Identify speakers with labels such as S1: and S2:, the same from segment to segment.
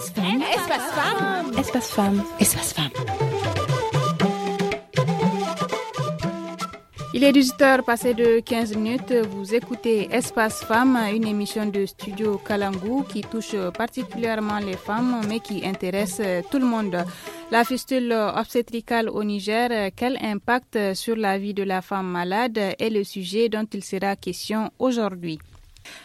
S1: Espace
S2: femme. Espace femme. Espace femme. Il est 18h passé de 15 minutes. Vous écoutez Espace Femmes, une émission de studio Kalangu qui touche particulièrement les femmes mais qui intéresse tout le monde. La fistule obstétricale au Niger, quel impact sur la vie de la femme malade est le sujet dont il sera question aujourd'hui.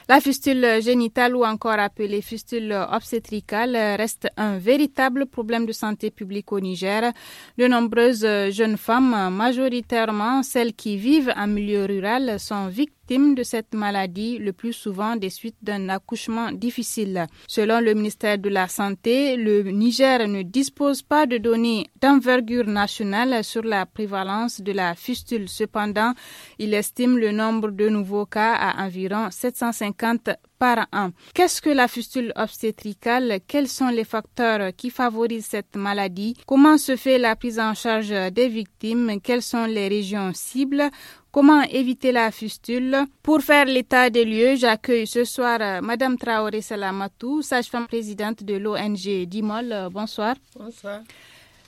S2: La fistule génitale ou encore appelée fistule obstétricale reste un véritable problème de santé publique au Niger. De nombreuses jeunes femmes, majoritairement celles qui vivent en milieu rural, sont victimes de cette maladie, le plus souvent des suites d'un accouchement difficile. Selon le ministère de la Santé, le Niger ne dispose pas de données d'envergure nationale sur la prévalence de la fistule. Cependant, il estime le nombre de nouveaux cas à environ 750 par an. Qu'est-ce que la fistule obstétricale Quels sont les facteurs qui favorisent cette maladie Comment se fait la prise en charge des victimes Quelles sont les régions cibles Comment éviter la fustule Pour faire l'état des lieux, j'accueille ce soir euh, Madame Traoré Salamatou, sage-femme présidente de l'ONG Dimol. Euh, bonsoir. Bonsoir.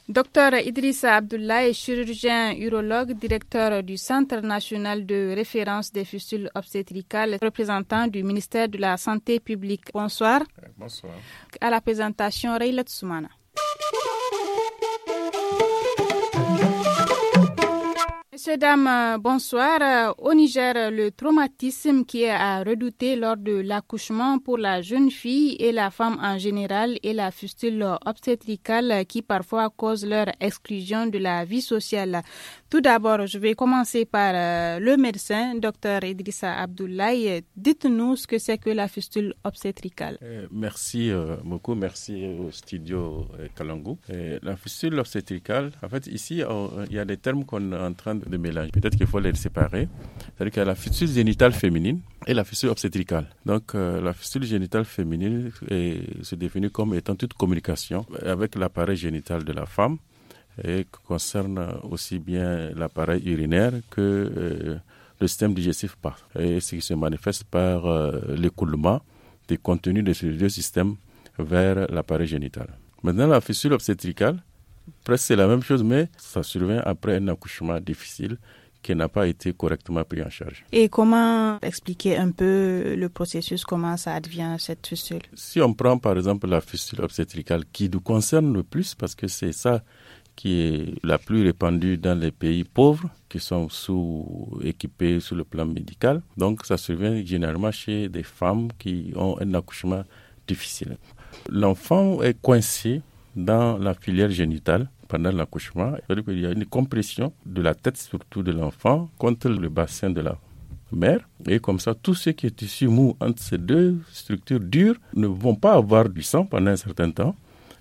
S2: Docteur Idrissa Abdullah est chirurgien urologue, directeur du Centre national de référence des fustules obstétricales, représentant du ministère de la Santé publique. Bonsoir. Euh, bonsoir. À la présentation, Rayla Soumana. Mesdames, euh, bonsoir. Euh, au Niger, euh, le traumatisme qui est à redouter lors de l'accouchement pour la jeune fille et la femme en général est la fustule obstétricale qui parfois cause leur exclusion de la vie sociale. Tout d'abord, je vais commencer par euh, le médecin, docteur Idrissa Abdoulaye. Dites-nous ce que c'est que la fistule obstétricale. Euh,
S3: merci euh, beaucoup, merci au studio Kalangou. la fistule obstétricale, en fait, ici, il y a des termes qu'on est en train de mélanger. Peut-être qu'il faut les séparer. C'est-à-dire qu'il y a la fistule génitale féminine et la fistule obstétricale. Donc, la fistule génitale féminine se définit comme étant toute communication avec l'appareil génital de la femme et qui concerne aussi bien l'appareil urinaire que euh, le système digestif par, et ce qui se manifeste par euh, l'écoulement des contenus de ces deux systèmes vers l'appareil génital. Maintenant, la fissure obstétricale, presque c'est la même chose, mais ça survient après un accouchement difficile qui n'a pas été correctement pris en charge.
S2: Et comment expliquer un peu le processus, comment ça advient cette fissure
S3: Si on prend par exemple la fissure obstétricale qui nous concerne le plus, parce que c'est ça qui est la plus répandue dans les pays pauvres qui sont sous-équipés sur le plan médical. Donc ça survient généralement chez des femmes qui ont un accouchement difficile. L'enfant est coincé dans la filière génitale pendant l'accouchement. Il y a une compression de la tête surtout de l'enfant contre le bassin de la mère. Et comme ça, tout ce qui est tissu mou entre ces deux structures dures ne vont pas avoir du sang pendant un certain temps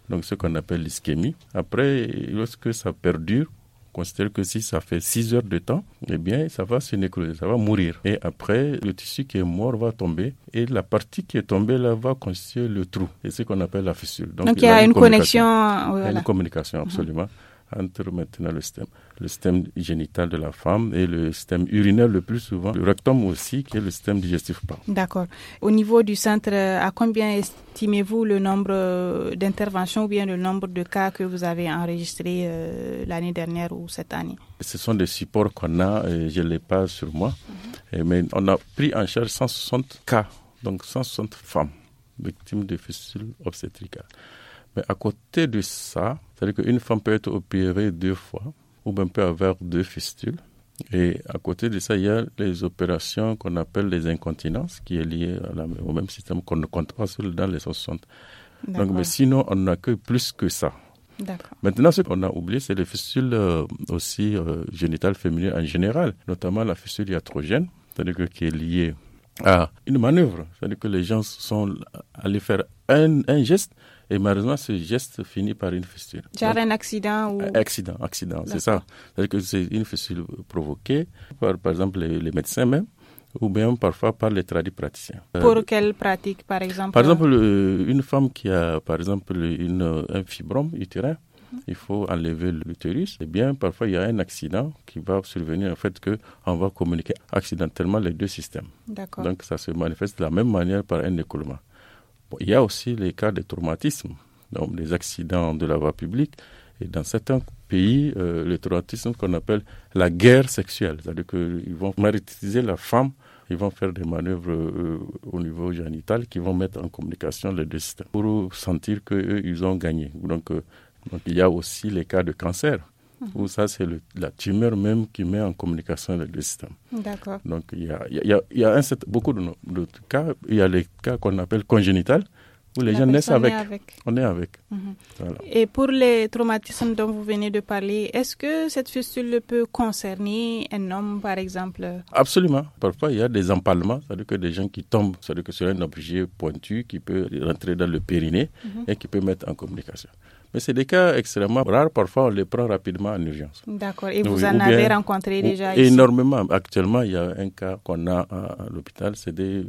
S3: donc ce qu'on appelle l'ischémie. Après, lorsque ça perdure, considère que si ça fait 6 heures de temps, eh bien, ça va se nécroser, ça va mourir. Et après, le tissu qui est mort va tomber et la partie qui est tombée là va constituer le trou. C'est ce qu'on appelle la fissure. Donc, euh, il y a, une, connexion. Il y a une communication, absolument. Mhm entre maintenant le système, le système génital de la femme et le système urinaire le plus souvent, le rectum aussi, qui est le système digestif.
S2: D'accord. Au niveau du centre, à combien estimez-vous le nombre euh, d'interventions ou bien le nombre de cas que vous avez enregistrés euh, l'année dernière ou cette année
S3: Ce sont des supports qu'on a, je ne l'ai pas sur moi, mhm. mais on a pris en charge 160 cas, donc 160 femmes victimes de fistules obstétricales. Mais à côté de ça, c'est-à-dire qu'une femme peut être opérée deux fois ou même peut avoir deux fistules. Et à côté de ça, il y a les opérations qu'on appelle les incontinences, qui est liée à au même système qu'on ne compte pas dans les 60. Donc, mais sinon, on accueille plus que ça. Maintenant, ce qu'on a oublié, c'est les fistules euh, aussi euh, génitales féminines en général, notamment la fistule iatrogène, c'est-à-dire qui est liée à une manœuvre. C'est-à-dire que les gens sont allés faire un, un geste et malheureusement, ce geste finit par une fistule. Genre un accident ou... Accident, accident, c'est ça. cest à que c'est une fistule provoquée par, par exemple, les, médecins même, ou bien parfois par les tradis praticiens. Euh, Pour
S2: quelle pratique, par exemple Par exemple,
S3: euh, une femme qui a, par exemple, une, un fibrome utérin, mhm. il faut enlever l'utérus. Et eh bien, parfois, il y a un accident qui va survenir en fait que on va communiquer accidentellement les deux systèmes. D'accord. Donc, ça se manifeste de la même manière par un écoulement. Il y a aussi les cas de traumatisme, donc les accidents de la voie publique. Et dans certains pays, euh, le traumatisme qu'on appelle la guerre sexuelle, c'est-à-dire qu'ils vont maritiser la femme, ils vont faire des manœuvres euh, au niveau génital qui vont mettre en communication le destin pour sentir qu'ils euh, ils ont gagné. Donc, donc, il y a aussi les cas de cancer ou ça, c'est la tumeur même qui met en communication avec le système. D'accord. Donc, il y a, beaucoup de, cas. Il y a les cas qu'on appelle congénitales où les gens naissent avec. On est avec. Mhm.
S2: Et pour les traumatismes dont vous venez de parler, est-ce que cette fistule peut concerner un homme, par exemple
S3: Absolument. Parfois, il y a des empalements, c'est-à-dire que des gens qui tombent, c'est-à-dire que c'est un objet pointu qui peut rentrer dans le périnée mhm. et qui peut mettre en communication. Mais c'est des cas extrêmement rares. Parfois, on les prend rapidement en urgence. D'accord. Et vous en avez rencontré déjà Énormément. Actuellement, il y a un cas qu'on a à, l'hôpital. C'est des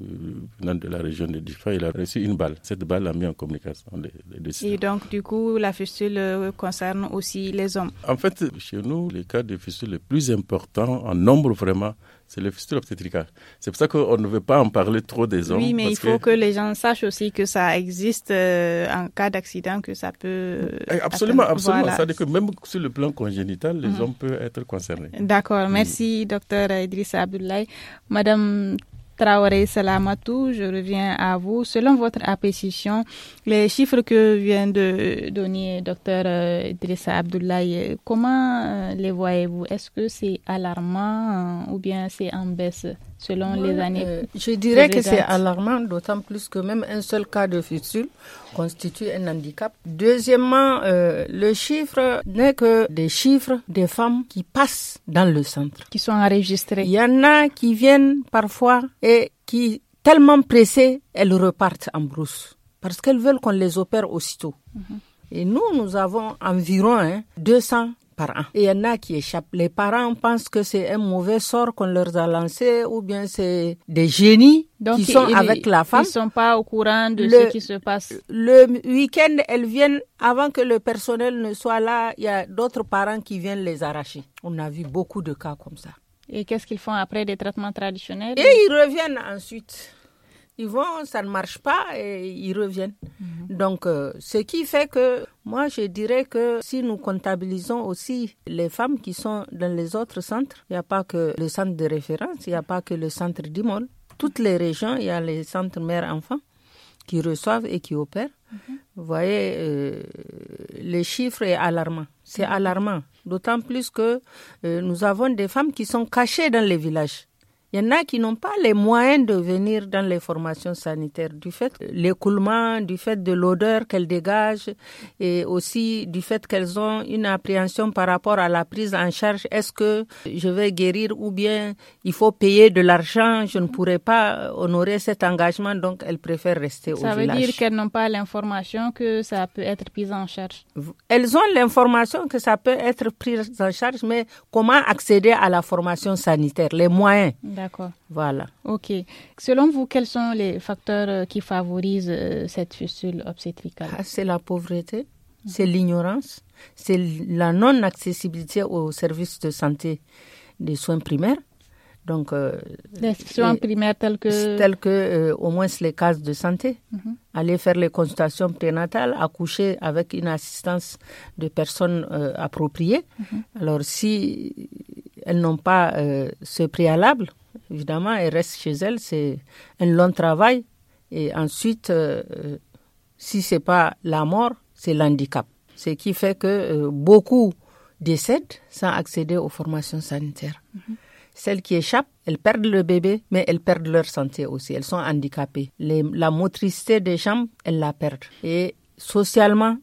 S3: euh, de la région de Diffa. Il a reçu une balle. Cette balle a mis en communication les,
S2: Et donc, du coup, la fistule euh, concerne aussi les hommes
S3: En fait, chez nous, les cas de fistule les plus importants en nombre vraiment, c'est le fistule obstétricale. C'est pour ça qu'on ne veut pas en parler trop des hommes. Oui, mais il faut que...
S2: les gens sachent aussi que ça existe euh, en cas d'accident, que ça peut. Euh,
S3: eh, absolument, absolument. cest Ça dire que même sur le plan congénital, les mm. hommes peuvent être concernés.
S2: D'accord. Mm. Merci, docteur Idrissa Abdoulaye. Madame Traoré Salamatou, je reviens à vous. Selon votre appréciation, les chiffres que vient de donner docteur euh, Idrissa Abdoulaye, comment euh, les voyez-vous Est-ce que c'est alarmant euh, ou bien c'est en baisse selon les euh, années. je dirais que c'est alarmant,
S4: d'autant plus que même un seul cas de fistule constitue un handicap. Deuxièmement, euh, le chiffre n'est que des chiffres des femmes qui passent dans le centre. Qui sont enregistrées. Il y en a qui viennent parfois et qui, tellement pressées, elles repartent en brousse. Parce qu'elles veulent qu'on les opère aussitôt. Mhm. Et nous, nous avons environ 200 hein, et il y en a qui échappent. Les parents pensent que c'est un mauvais sort qu'on leur a lancé ou bien c'est des génies qui sont avec la femme. Ils ne sont pas au courant de ce qui se passe. Le week-end, elles viennent avant que le personnel ne soit là. Il y a d'autres parents qui viennent les arracher. On a vu beaucoup de cas comme ça. Et qu'est-ce
S2: qu'ils font après des traitements traditionnels Et ils
S4: reviennent ensuite ils vont, ça ne marche pas et ils reviennent. Mhm.
S2: Donc, euh, ce qui fait que moi,
S4: je dirais que si nous comptabilisons aussi les femmes qui sont dans les autres centres, il n'y a pas que le centre de référence, il n'y a pas que le centre d'Imol. Toutes les régions, il y a les centres mère enfants qui reçoivent et qui opèrent. Mhm. Vous voyez, euh, le les chiffres est alarmant. C'est mhm. alarmant. D'autant plus que euh, nous avons des femmes qui sont cachées dans les villages. Il y en a qui n'ont pas les moyens de venir dans les formations sanitaires du fait l'écoulement, du fait de l'odeur qu'elles dégagent et aussi du fait qu'elles ont une appréhension par rapport à la prise en charge. Est-ce que je vais guérir ou bien il faut payer de l'argent, je ne pourrai pas honorer cet engagement, donc elles préfèrent rester au village. Ça veut dire
S2: qu'elles n'ont pas l'information que ça peut être pris en charge.
S4: Elles ont l'information que ça peut être pris en charge, mais comment accéder à la formation sanitaire, les moyens. D'accord. Voilà.
S2: OK. Selon vous, quels sont les facteurs euh, qui favorisent euh, cette fistule obstétricale ah, C'est la pauvreté, c'est
S4: l'ignorance, c'est la non-accessibilité aux services de santé des soins primaires. Donc, les euh, soins primaires tels que. Tels que, au moins, les cases de santé. Mhm. Aller faire les consultations prénatales, accoucher avec une assistance de personnes appropriées. Mhm. Alors, si elles n'ont pas ce préalable, Évidemment, elles reste chez elle c'est un long travail. Et ensuite, euh, si ce n'est pas la mort, c'est l'handicap. Ce qui fait que euh, beaucoup décèdent sans accéder aux formations sanitaires. Mm-hmm. Celles qui échappent, elles perdent le bébé, mais elles perdent leur santé aussi. Elles sont handicapées. la motricité des jambes, elles la perdent. Et socialement,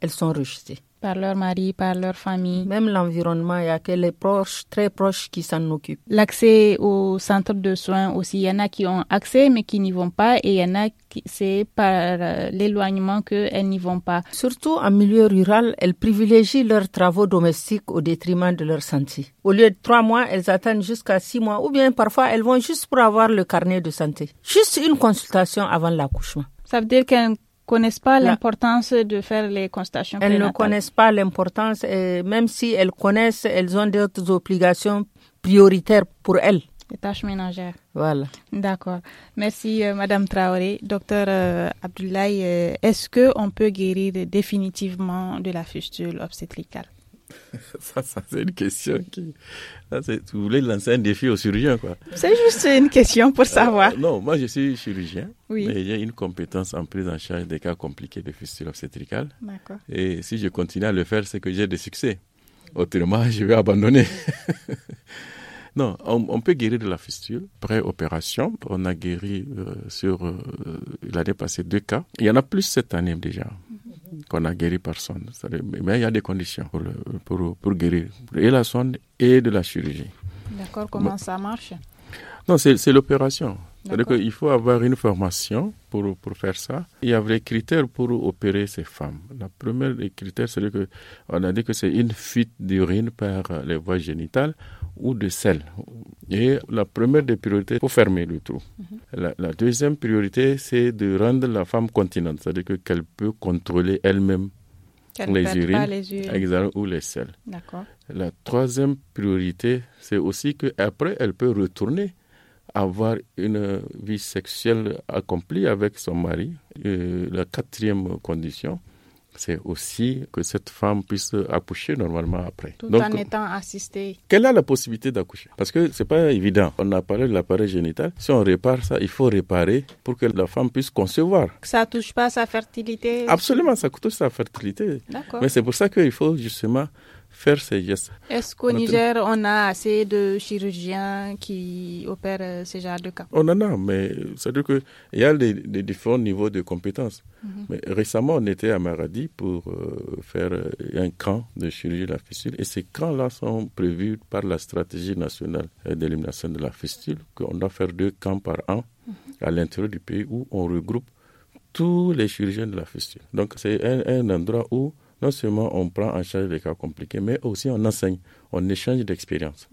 S4: elles sont rejetées par leur mari, par leur famille. Même l'environnement, il n'y a que les proches, très proches qui s'en occupent.
S2: L'accès au centre de soins aussi, il y en a qui ont accès mais qui n'y vont pas et il y en a qui, c'est par euh, l'éloignement qu'elles n'y vont pas. Surtout en milieu
S4: rural, elles privilégient leurs travaux domestiques au détriment de leur santé. Au lieu de trois mois, elles attendent jusqu'à six mois ou bien parfois elles vont juste pour avoir le carnet de santé. Juste une consultation avant l'accouchement.
S2: Ça veut dire qu'un connaissent pas l'importance de faire les constations. Elles ne connaissent
S4: pas l'importance, même si elles connaissent, elles ont d'autres obligations prioritaires pour elles.
S2: Les tâches ménagères. Voilà. D'accord. Merci, euh, Madame Traoré. Docteur euh, Abdoulaye, euh, est-ce qu'on peut guérir définitivement de la fustule obstétricale
S3: ça, c'est une question qui. Ah, vous voulez lancer un défi aux chirurgiens, quoi. C'est juste une question pour euh, savoir. non, moi, je suis chirurgien. Oui. Mais j'ai une compétence en prise en charge des cas compliqués de fistule obstétricale. D'accord. Et si je continue à le faire, c'est que j'ai des succès. Autrement, je vais abandonner. non, on, peut guérir de la fistule pré-opération. On a guéri euh, sur euh, Il a dépassé deux cas. Il y en a plus cette année déjà qu'on a guéri par sonde. Mais il y a des conditions pour, pour, guérir, et la sonde et de la chirurgie.
S2: D'accord, comment ça marche
S3: Non, c'est l'opération. C'est-à-dire qu'il faut avoir une formation pour, pour faire ça. Il y a des critères pour opérer ces femmes. La première critère, critères, c'est qu'on a dit que c'est une fuite d'urine par les voies génitales ou de sel. Et la première des priorités, il faut fermer le trou. Mhm. la, deuxième priorité, c'est de rendre la femme continente, c'est-à-dire qu'elle peut contrôler elle-même les, urines, ou les sels. La troisième priorité, c'est aussi qu'après, elle peut retourner avoir une vie sexuelle accomplie avec son mari. la quatrième condition, c'est aussi que cette femme puisse accoucher normalement après. Tout en étant
S2: assistée.
S3: Quelle a la possibilité d'accoucher Parce que c'est pas évident. On a parlé de l'appareil génital. Si on répare ça, il faut réparer pour que la femme puisse concevoir.
S2: Ça touche pas sa fertilité
S3: Absolument, ça touche sa fertilité. Mais c'est pour ça qu'il faut justement est-ce
S2: qu'au Niger, on a assez de chirurgiens qui opèrent ce genre de cas On
S3: en a, mais c'est-à-dire qu'il y a des, différents niveaux de compétences. Mhm. Mais récemment, on était à Maradi pour euh, faire euh, un camp de chirurgie de la fistule, et ces camps-là sont prévus par la stratégie nationale euh, d'élimination de la fistule, qu'on doit faire deux camps par an mhm. à l'intérieur du pays où on regroupe tous les chirurgiens de la fistule. Donc c'est un endroit où non seulement on prend en charge les cas compliqués, mais aussi on enseigne, on échange d'expériences.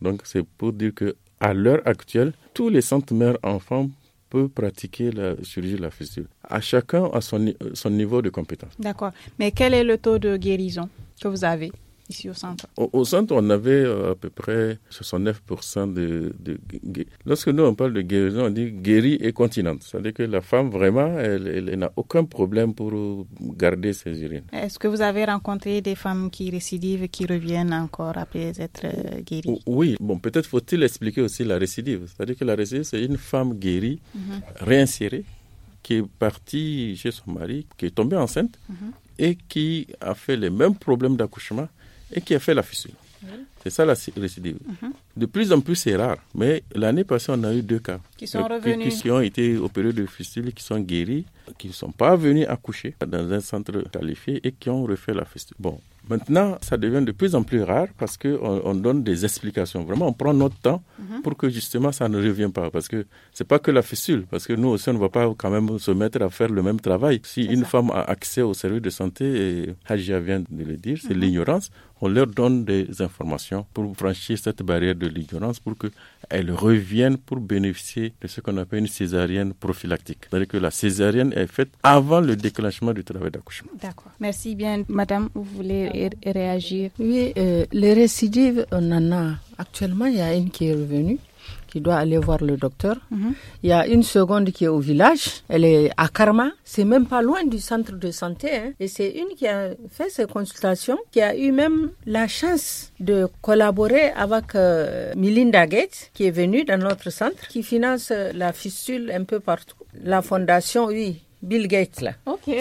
S3: Donc c'est pour dire que à l'heure actuelle, tous les centres mères-enfants peuvent pratiquer la chirurgie de la fistule. À chacun à son, son niveau de compétence.
S2: D'accord. Mais quel est le taux de guérison que vous avez ici au centre
S3: Au, centre, on avait euh, à peu près 69% de, de, Lorsque nous, on parle de guérison, on dit guérie et continente. C'est-à-dire que la femme, vraiment, elle, n'a aucun problème pour garder ses urines.
S2: Est-ce que vous avez rencontré des femmes qui récidivent, qui reviennent encore après être euh, guéries
S3: Oui, bon, peut-être faut-il expliquer aussi la récidive. C'est-à-dire que la récidive, c'est une femme guérie, mhm. réinsérée, qui est partie chez son mari, qui est tombée enceinte, mhm. et qui a fait les mêmes problèmes d'accouchement et qui a fait la fissure. C'est ça la récidive. Mhm. De plus en plus, c'est rare. Mais l'année passée, on a eu deux cas. Qui sont euh, revenus. Qui, ont été opérés de fissure, qui sont guéris, qui ne sont pas venus accoucher dans un centre qualifié et qui ont refait la fissure. Bon. Maintenant, ça devient de plus en plus rare parce qu'on on donne des explications. Vraiment, on prend notre temps mhm. pour que justement ça ne revienne pas. Parce que c'est pas que la fissure. parce que nous aussi, on ne va pas quand même se mettre à faire le même travail. Si une femme a accès au service de santé, et Hajia vient de le dire, c'est mhm. l'ignorance, on leur donne des informations pour franchir cette barrière de l'ignorance pour qu'elles reviennent pour bénéficier de ce qu'on appelle une césarienne prophylactique. C'est-à-dire que la césarienne est faite avant le déclenchement du travail d'accouchement.
S2: D'accord. Merci bien, madame. Vous voulez réagir Oui, euh, les récidives, on en a. Actuellement, il
S4: y a une qui est revenue. Il doit aller voir le docteur. Mhm. Il y a une seconde qui est au village, elle est à Karma, c'est même pas loin du centre de santé. Hein. Et c'est une qui a fait ses consultations, qui a eu même la chance de collaborer avec euh, Milinda Melinda Gates, qui est venue dans notre centre, qui finance euh, la fistule un peu partout. La fondation, oui, Bill Gates là.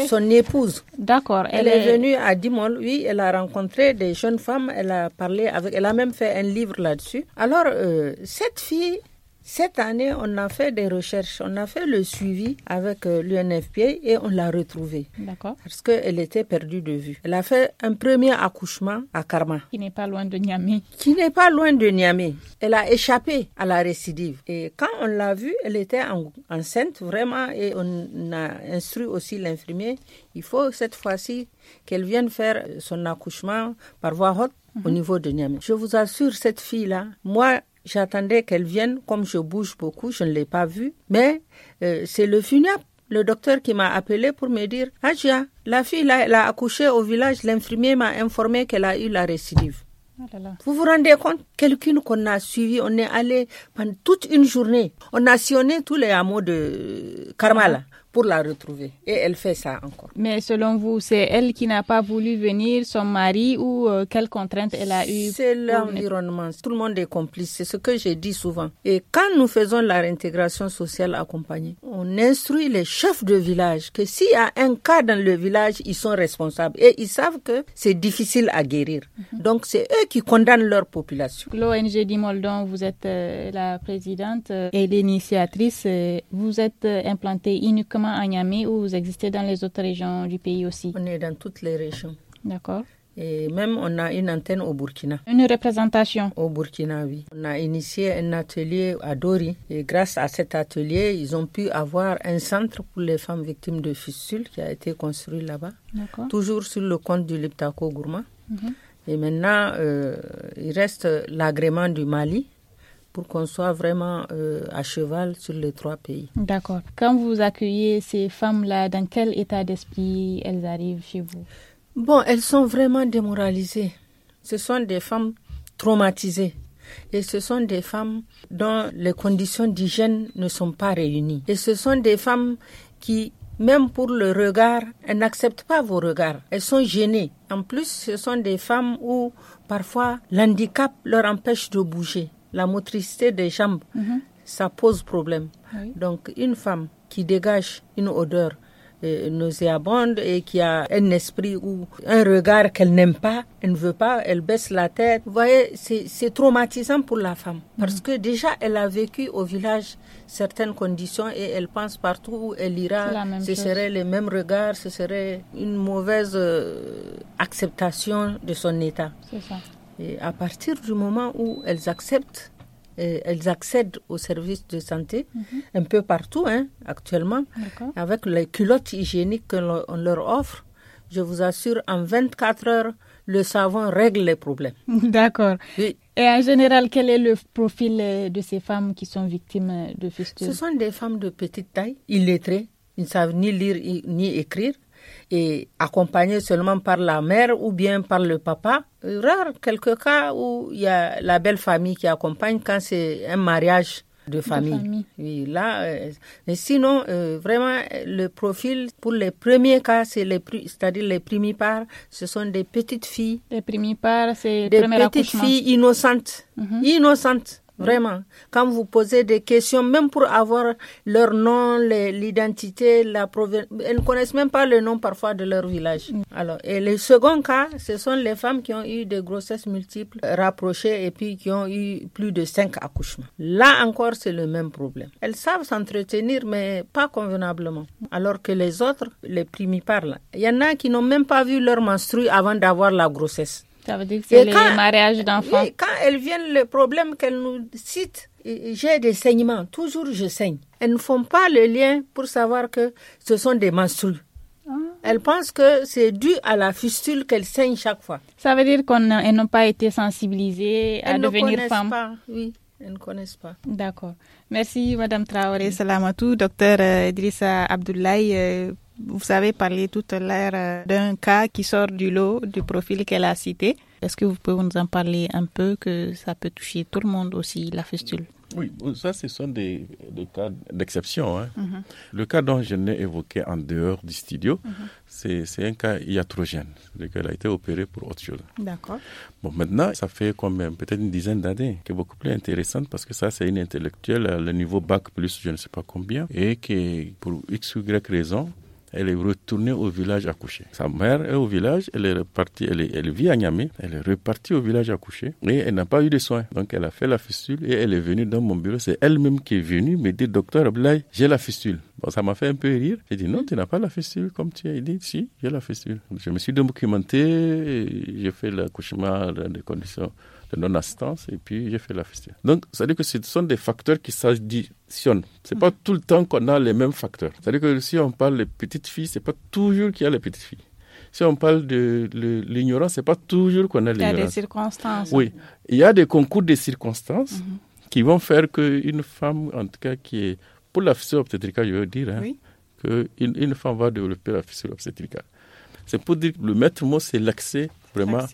S4: Son épouse. D'accord. Elle, est... venue à Dimol, oui, elle a rencontré des jeunes femmes, elle a parlé avec, elle a même fait un livre là-dessus. Alors, euh, cette fille, cette année, on a fait des recherches, on a fait le suivi avec euh, l'UNFPA et on l'a retrouvée. D'accord. Parce qu'elle était perdue de vue. Elle a fait un premier accouchement à Karma. Qui n'est pas loin de Niamey. Qui n'est pas loin de Niamey. Elle a échappé à la récidive. Et quand on l'a vue, elle était enceinte vraiment et on a instruit aussi l'infirmier. Il faut cette fois-ci qu'elle vienne faire son accouchement par voie haute au mhm. niveau de Niamey. Je vous assure, cette fille-là, moi, J'attendais qu'elle vienne, comme je bouge beaucoup, je ne l'ai pas vue. Mais euh, c'est le FUNIAP, le docteur qui m'a appelé pour me dire Aja, la fille, elle a accouché au village, l'infirmier m'a informé qu'elle a eu la récidive.
S2: Ah vous vous
S4: rendez compte Quelqu'un qu'on a suivi, on est allé pendant toute une journée. On a sillonné tous les hameaux de Karmala pour la retrouver. Et elle fait ça encore.
S2: Mais selon vous, c'est elle qui n'a pas voulu venir, son mari, ou euh, quelles contraintes elle a eues C'est l'environnement.
S4: Tout le monde est complice. C'est ce que j'ai dit souvent. Et quand nous faisons la réintégration sociale accompagnée,
S2: on instruit
S4: les chefs de village que s'il y a un cas dans le village, ils sont responsables. Et ils savent que c'est difficile à guérir. Mhm. Donc c'est eux qui condamnent leur population.
S2: L'ONG Dimoldon, vous êtes euh, la présidente euh, et l'initiatrice. Vous êtes implantée uniquement à Niamey ou vous existez dans les autres régions du pays aussi On est dans toutes les régions. D'accord.
S4: Et même on a une antenne au Burkina. Une représentation Au Burkina, oui. On a initié un atelier à Dori. Et grâce à cet atelier, ils ont pu avoir un centre pour les femmes victimes de fistules qui a été construit là-bas. Toujours sur le compte du Liptako Gourma. Mhm. Et maintenant, euh, il reste l'agrément du Mali pour qu'on soit vraiment euh, à cheval sur les trois pays.
S2: D'accord. Quand vous accueillez ces femmes-là, dans quel état d'esprit elles arrivent chez vous Bon, elles
S4: sont vraiment démoralisées. Ce sont des femmes traumatisées. Et ce sont des femmes dont les conditions d'hygiène ne sont pas réunies. Et ce sont des femmes qui, même pour le regard, elles n'acceptent pas vos regards. Elles sont gênées. En plus, ce sont des femmes où parfois l'handicap leur empêche de bouger la motricité des jambes, mhm. ça pose problème. Ah Donc une femme qui dégage une odeur euh, nauséabonde et qui a un esprit ou un regard qu'elle n'aime pas, elle ne veut pas, elle baisse la tête. Vous voyez, c'est traumatisant pour la femme mhm. parce que déjà elle a vécu au village certaines conditions et elle pense partout où elle ira, ce serait les mêmes regards, ce serait une mauvaise euh, acceptation de son état. C'est ça. Et à partir du moment où elles acceptent, euh, elles accèdent aux services de santé mhm. un peu partout hein, actuellement, avec les culottes hygiéniques qu'on leur offre. Je vous assure, en 24
S2: heures, le
S4: savon règle les problèmes.
S2: D'accord. Et, en général, quel est le profil euh, de ces femmes qui sont victimes euh, de fistules Ce sont des femmes de petite taille,
S4: illettrées, ils ne savent ni lire ni écrire et accompagné seulement par la mère ou bien par le papa. Rare quelques cas où il y a la belle famille qui accompagne quand c'est un mariage de famille. là, mais euh, sinon, euh, vraiment, le profil pour les premiers cas, c'est les, c'est-à-dire les primipares, ce sont des petites filles. Les primipares, c'est des petites filles innocentes, mhm. innocentes Vraiment, quand vous posez des questions, même pour avoir leur nom, l'identité, la provenance, elles ne connaissent même pas le nom parfois de leur village. Mm. Alors, et le second cas, ce sont les femmes qui ont eu des grossesses multiples rapprochées et puis qui ont eu plus de cinq accouchements. Là encore, c'est le même problème. Elles savent s'entretenir, mais pas convenablement. Alors que les autres, les primipares, il y en a qui n'ont même pas vu leur menstrue avant d'avoir la grossesse. Ça veut dire que c'est les mariages d'enfants. Oui, quand elles viennent, le problème qu'elles nous citent, j'ai des saignements, toujours je saigne. Elles ne font pas le lien pour savoir que ce sont des menstrues. Ah. Elles pensent que c'est dû à la fistule qu'elles saignent chaque fois.
S2: Ça veut dire qu'elles n'ont pas été sensibilisées à elles ne connaissent Pas,
S4: oui. Elles ne connaissent pas.
S2: D'accord. Merci, Madame Traoré Salamatou, docteur euh, Idrissa Abdoulaye, euh, vous avez parlé tout à l'heure euh, d'un cas qui sort du lot du profil qu'elle a cité. Est-ce que vous pouvez nous en parler un peu, que ça peut toucher tout le monde aussi, la fistule
S3: Oui, ça, ce sont des, cas d'exception. Hein. Mhm. Le cas dont je n'ai évoqué en dehors du studio, mhm. c'est un cas iatrogène. lequel a été opéré pour autre chose. D'accord. Bon, maintenant, ça fait quand même euh, peut-être une dizaine d'années, qui est beaucoup plus intéressante parce que ça, c'est une intellectuelle, le niveau bac plus je ne sais pas combien, et qui, pour X ou Y raison, elle est retournée au village accoucher. Sa mère est au village, elle est repartie, elle, vit à Niamey, elle est repartie au village accoucher et elle n'a pas eu de soins. Donc elle a fait la fistule et elle est venue dans mon bureau. C'est elle-même qui est venue me dire, docteur Ablaï, j'ai la fistule. Bon, ça m'a fait un peu rire. J'ai dit, non, tu n'as pas la fistule comme tu as dit. Si, j'ai la fistule. Je me suis documenté, j'ai fait l'accouchement dans des conditions de non-assistance, et puis j'ai fait la fissure. Donc, ça veut dire que ce sont des facteurs qui s'additionnent. C'est pas tout le temps qu'on a les mêmes facteurs. C'est-à-dire que si on parle des petites filles, c'est pas toujours qu'il y a les petites filles. Si on parle de l'ignorance, c'est pas toujours qu'on a l'ignorance. Il y a des
S2: circonstances. Oui,
S3: il y a des concours de circonstances mm-hmm. qui vont faire qu'une femme, en tout cas, qui est pour la fissure obstétricale, je veux dire, hein, qu'une une femme va développer la fissure obstétricale. C'est pour dire le maître mot, c'est l'accès vraiment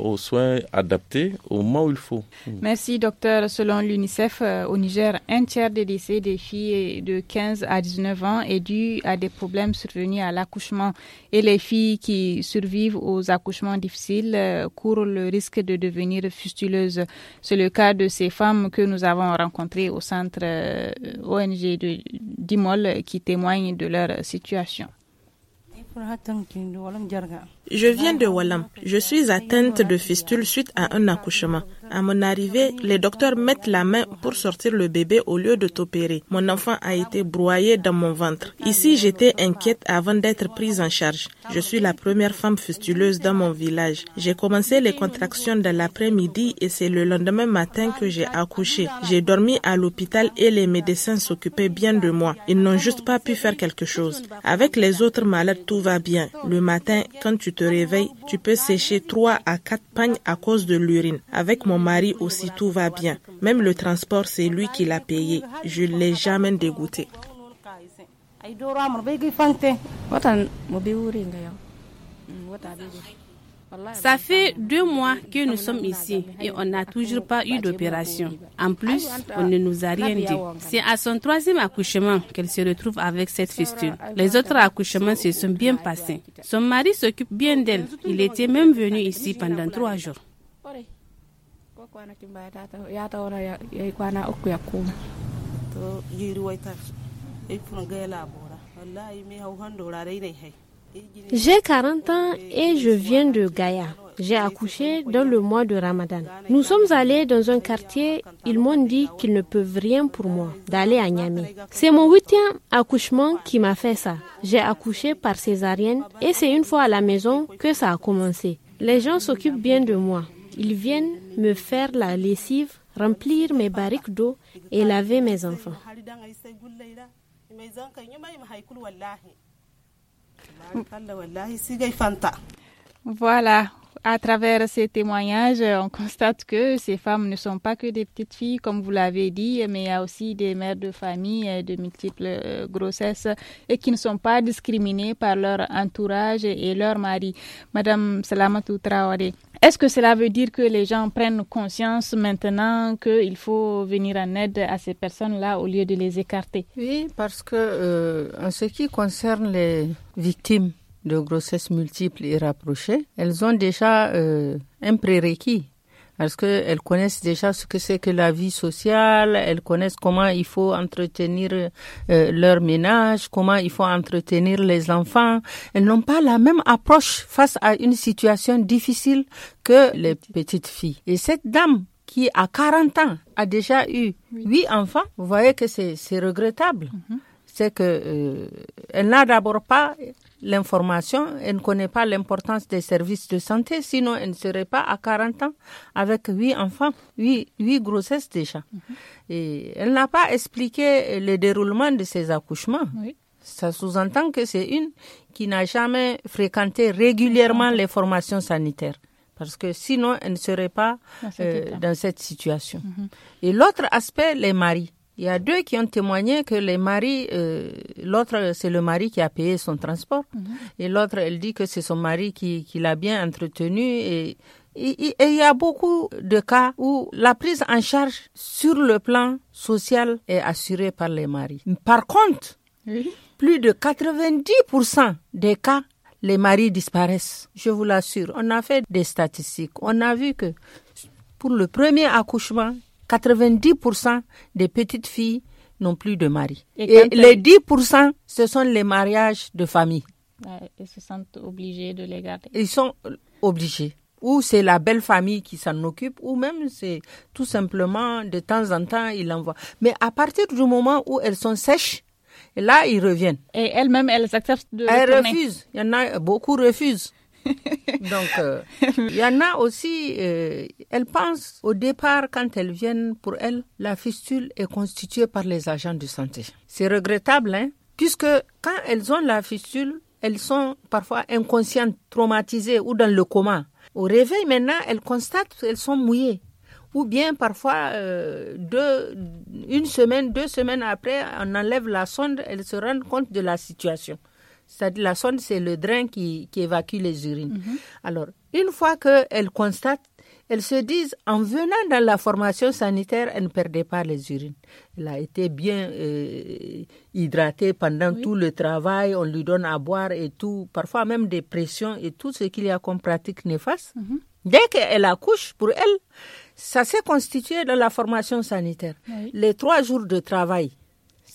S3: aux soins. adaptés au moment où il faut. Mm.
S2: Merci, docteur. Selon l'UNICEF, euh, au Niger, un tiers des décès des filles de 15 à 19 ans est dû à des problèmes survenus à l'accouchement. Et les filles qui survivent aux accouchements difficiles euh, courent le risque de devenir fustuleuses. C'est le cas de ces femmes que nous avons rencontrées au centre euh, ONG de Dimol qui témoignent de leur situation. Je viens de Wallam.
S5: Je suis atteinte de fistules suite à un accouchement. À mon arrivée, les docteurs mettent la main pour sortir le bébé au lieu de t'opérer. Mon enfant a été broyé dans mon ventre. Ici, j'étais inquiète avant d'être prise en charge. Je suis la première femme fistuleuse dans mon village. J'ai commencé les contractions dans l'après-midi et c'est le lendemain matin que j'ai accouché. J'ai dormi à l'hôpital et les médecins s'occupaient bien de moi. Ils n'ont juste pas pu faire quelque chose. Avec les autres malades, tout va bien. Le matin, quand tu te réveilles, tu peux sécher trois à quatre pagnes à cause de l'urine. Avec mon mari aussi, tout va bien. Même le transport, c'est lui qui l'a payé. Je ne l'ai jamais dégoûté.
S1: Ça fait deux mois que nous sommes ici et on n'a toujours pas eu d'opération. En plus, on ne nous a rien dit. C'est à son troisième accouchement qu'elle se retrouve avec cette fistule. Les autres accouchements se sont bien passés. Son mari s'occupe bien d'elle. Il était même venu ici pendant trois jours. J'ai 40 ans et je viens de Gaïa. J'ai accouché dans le mois de Ramadan. Nous sommes allés dans un quartier. Ils m'ont dit qu'ils ne peuvent rien pour moi d'aller à Niamey. C'est mon huitième accouchement qui m'a fait ça. J'ai accouché par césarienne et c'est une fois à la maison que ça a commencé. Les gens s'occupent bien de moi. Ils viennent me faire la lessive, remplir mes
S2: barriques d'eau et laver mes enfants. Voilà, à travers ces témoignages, on constate que ces femmes ne sont pas que des petites filles, comme vous l'avez dit, mais il y a aussi des mères de famille euh, de multiples euh, grossesses et qui ne sont pas discriminées par leur entourage et leur mari. Madame Salamatou Traoré, est-ce que cela veut dire que les gens prennent conscience maintenant qu'il faut venir en aide à ces personnes-là au lieu de les écarter Oui, parce que euh, en ce
S4: qui concerne les victimes de grossesses multiples et rapprochées, elles ont déjà euh, un prérequis parce qu'elles connaissent déjà ce que c'est que la vie sociale, elles connaissent comment il faut entretenir euh, leur ménage, comment il faut entretenir les enfants. Elles n'ont pas la même approche face à une situation difficile que les petites filles. Et cette dame qui, à 40 ans, a déjà eu huit enfants, vous voyez que c'est regrettable. Mhm. c'est qu'elle euh, n'a d'abord pas l'information, elle ne connaît pas l'importance des services de santé, sinon elle ne serait pas à 40 ans avec 8 enfants, 8, grossesses déjà. Mhm. Et elle n'a pas expliqué le déroulement de ses accouchements. Oui. Ça sous-entend que c'est une qui n'a jamais fréquenté régulièrement les formations sanitaires. Parce que sinon, elle ne serait pas dans, euh, cette situation. Mhm. Et l'autre aspect, les maris. Il y a deux qui ont témoigné que les maris, euh, l'autre c'est le mari qui a payé son transport mhm. et l'autre elle dit que c'est son mari qui, l'a bien entretenu et et il y a beaucoup de cas où la prise en charge sur le plan social est assurée par les maris. Par contre, plus de 90% des cas, les maris disparaissent. Je vous l'assure, on a fait des statistiques. On a vu que pour le premier accouchement, 90% des petites filles n'ont plus de mari. Et, les 10%, ce sont les mariages de famille.
S2: ils se sentent obligés de les garder. Ils sont euh,
S4: obligés. Ou c'est la belle famille qui s'en occupe, ou même c'est tout simplement de temps en temps, ils l'envoient. Mais à partir du moment où elles sont sèches, là, ils reviennent. Et elles-mêmes, elles acceptent de. Elles retourner. refusent. Il y en a beaucoup refusent. Donc, euh, il y en a aussi, euh, elles pensent au départ, quand elles viennent, pour elles, la fistule est constituée par les agents de santé. C'est regrettable, hein, puisque quand elles ont la fistule, elles sont parfois inconscientes, traumatisées ou dans le coma. Au réveil, maintenant, elles constatent qu'elles sont mouillées. Ou bien parfois, euh, une semaine, deux semaines après, on enlève la sonde, elles se rendent compte de la situation. C'est-à-dire la sonde, c'est le drain qui, évacue les urines. Mhm. Alors, une fois qu'elles constate, elles se disent, en venant dans la formation sanitaire, elle ne perdait pas les urines. Elle a été bien euh, hydratée pendant tout le travail, on lui donne à boire et tout, parfois même des pressions et tout ce qu'il y a comme pratique néfaste. Mhm. Dès qu'elle accouche, pour elle, ça s'est constitué dans la formation sanitaire. Les trois jours de travail,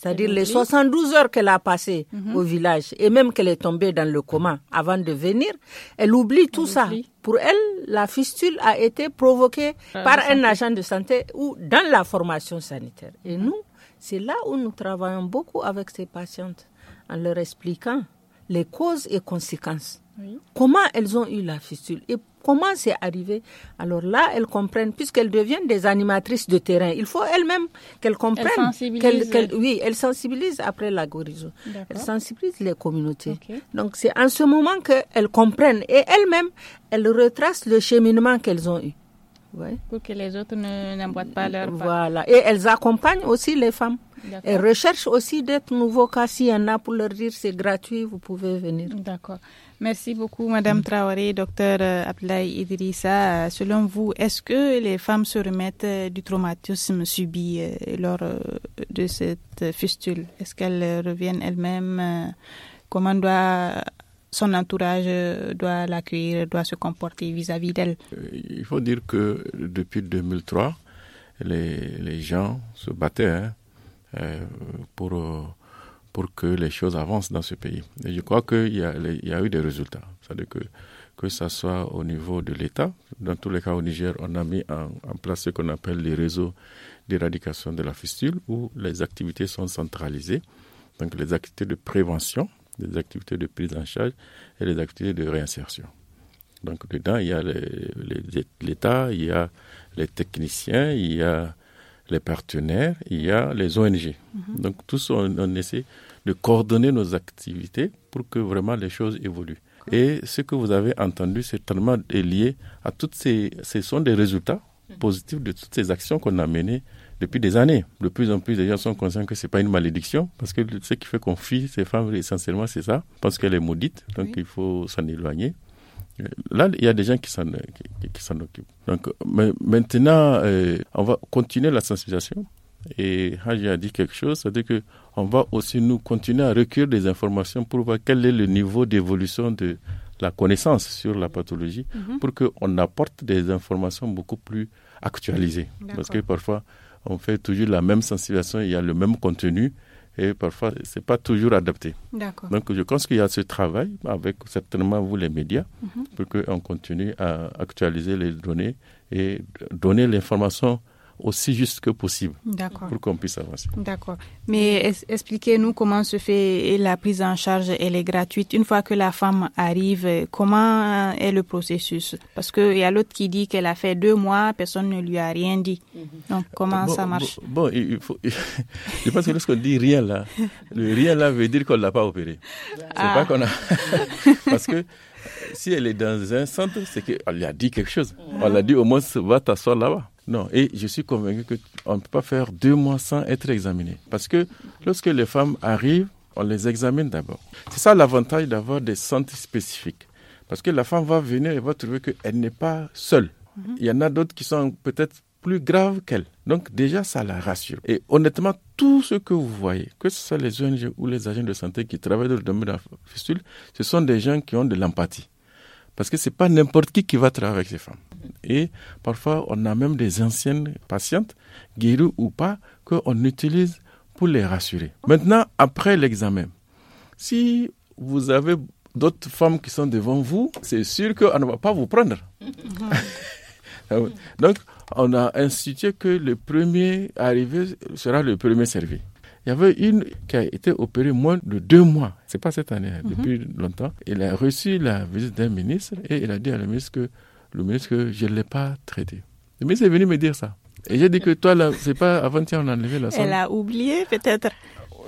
S4: c'est-à-dire les 72 heures qu'elle a passées mhm. au village et même qu'elle est tombée dans le coma avant de venir, elle oublie tout ça. Pour elle, la fistule a été provoquée ah, par un agent de santé ou dans la formation sanitaire. Et mhm. nous, c'est là où nous travaillons beaucoup avec ces patientes en leur expliquant les causes et conséquences Comment elles ont eu la fistule et comment c'est arrivé Alors là, elles comprennent, puisqu'elles deviennent des animatrices de terrain. Il faut elles-mêmes qu'elles comprennent. Elles sensibilisent. oui, elles sensibilisent après la guérison. Elles sensibilisent les communautés. Donc c'est en ce moment qu'elles comprennent et elles-mêmes, elles retracent le cheminement qu'elles ont eu.
S2: Pour que les autres n'emboîtent pas leur Voilà. Et elles
S4: accompagnent aussi les femmes. Elles recherchent aussi d'être nouveaux cas s'il y en a pour leur dire c'est gratuit, vous pouvez venir. D'accord.
S2: Merci beaucoup, Madame Traoré, docteur euh, Abdoulaye Idrissa. Euh, selon vous, est-ce que les femmes se remettent euh, du traumatisme subi lors de cette fistule Est-ce qu'elles reviennent elles-mêmes Comment doit son entourage doit l'accueillir, doit se comporter vis-à-vis d'elle
S3: Il faut dire que depuis 2003, les, gens se battaient hein, pour pour que les choses avancent dans ce pays. Et je crois qu'il y, a, eu des résultats. C'est-à-dire que, que ce soit au niveau de l'État, dans tous les cas au Niger, on a mis en, place ce qu'on appelle les réseaux d'éradication de la fistule, où les activités sont centralisées. Donc les activités de prévention, les activités de prise en charge et les activités de réinsertion. Donc dedans, il y a l'État, il y a les techniciens, il y a les partenaires, il y a les ONG. Mm-hmm. Donc tous, on, on essaie de coordonner nos activités pour que vraiment les choses évoluent. Et ce que vous avez entendu, c'est tellement lié à toutes ces... Ce sont des résultats mhm. positifs de toutes ces actions qu'on a menées depuis des années. De plus en plus, les gens sont conscients que ce n'est pas une malédiction, parce que ce qui fait qu'on fuit ces femmes, essentiellement, c'est ça, parce qu'elle est maudite, donc il faut s'en éloigner. Euh, là, il y a des gens qui s'en, qui, s'en occupent. Donc, maintenant, euh, on va continuer la sensibilisation et Haji a dit quelque chose, c'est-à-dire qu'on va aussi nous continuer à recueillir des informations pour voir quel est le niveau d'évolution de la connaissance sur la pathologie, mhm. pour qu'on apporte des informations beaucoup plus actualisées. Parce que parfois, on fait toujours la même sensibilisation, il y a le même contenu, et parfois, ce n'est pas toujours adapté. Donc, je pense qu'il y a ce travail avec certainement vous, les médias, mhm. pour pour qu'on continue à actualiser les données et donner l'information aussi juste que possible pour qu'on puisse avancer.
S2: D'accord. Mais expliquez-nous comment se fait la prise en charge. Elle est gratuite. Une fois que la femme arrive, comment est le processus Parce qu'il y a l'autre qui dit qu'elle a fait deux mois, personne ne lui a rien dit. Mhm. Donc comment ça marche
S3: Bon, il faut, je pense que lorsqu'on dit rien là, le rien là veut dire qu'on ne l'a pas opéré. C'est ah. pas qu'on a. Parce que si elle est dans un centre, c'est qu'on lui a dit quelque chose. Ah. on On a dit au moins va t'asseoir là-bas. Non, et je suis convaincu qu'on ne peut pas faire deux mois sans être examiné. Parce que lorsque les femmes arrivent, on les examine d'abord. C'est ça l'avantage d'avoir des centres spécifiques. Parce que la femme va venir et va trouver qu'elle n'est pas seule. Mhm. Il y en a d'autres qui sont peut-être plus graves qu'elle. Donc déjà, ça la rassure. Et honnêtement, tout ce que vous voyez, que ce soit les ONG ou les agents de santé qui travaillent dans le domaine de la fistule, ce sont des gens qui ont de l'empathie. Parce que ce n'est pas n'importe qui qui va travailler avec ces femmes. Et parfois, on a même des anciennes patientes, guéries ou pas, qu'on utilise pour les rassurer. Maintenant, après l'examen, si vous avez d'autres femmes qui sont devant vous, c'est sûr qu'on ne va pas vous prendre. Ah Donc, on a institué que le premier arrivé sera le premier servi. Il y avait une qui a été opérée moins de deux mois, c'est pas cette année, hein, mhm. depuis longtemps. Elle a reçu la visite d'un ministre et il a dit à la ministre que le que je ne l'ai pas traité. Le ministre est venu me dire ça. Et j'ai dit que toi, c'est pas avant-hier, on a enlevé la sonde. Elle a oublié, peut-être.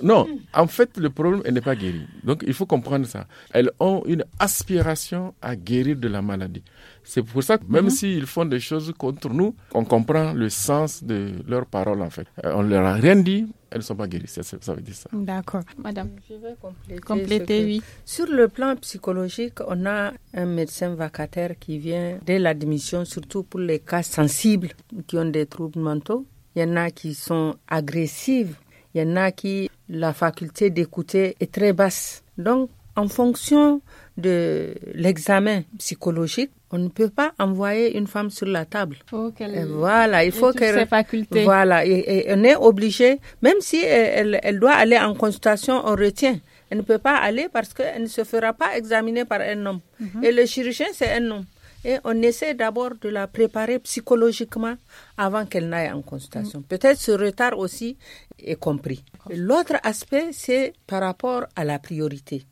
S3: Non, en fait, le problème, elle n'est pas guérie. Donc, il faut comprendre ça. Elles ont une aspiration à guérir de la maladie. C'est pour ça que même mhm. s'ils font des choses contre nous, on comprend le sens de leurs paroles, en fait. Euh, on leur a rien dit, elles ne sont pas guéries. Ça, ça veut dire ça.
S2: D'accord. Madame, je vais compléter. Compléter, oui.
S4: Sur le plan psychologique, on a un médecin vacataire qui vient dès l'admission, surtout pour les cas sensibles qui ont des troubles mentaux. Il y en a qui sont agressives. Il y en a qui, la faculté d'écouter est très basse. Donc, en fonction de l'examen psychologique, on ne peut pas envoyer une femme sur la table. Oh, voilà, il faut qu'elle. Voilà, et, on est obligé, même si elle, elle, doit aller en consultation, on retient. Elle ne peut pas aller parce qu'elle ne se fera pas examiner par un homme. Mhm. Et le chirurgien, c'est un homme. Et on essaie d'abord de la préparer psychologiquement avant qu'elle n'aille en consultation. Mm. Peut-être ce retard aussi est compris. L'autre aspect, c'est par rapport à la priorité.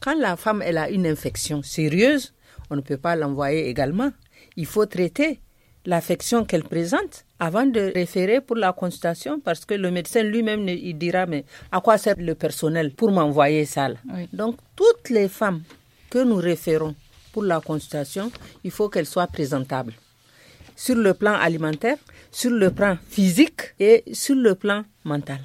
S4: Quand la femme elle a une infection sérieuse, on ne peut pas l'envoyer également. Il faut traiter l'affection qu'elle présente avant de référer pour la consultation parce que le médecin lui-même il dira mais à quoi sert le personnel pour m'envoyer ça Donc toutes les femmes que nous référons pour la consultation, il faut qu'elles soient présentables sur le plan alimentaire, sur le plan physique et sur le plan mental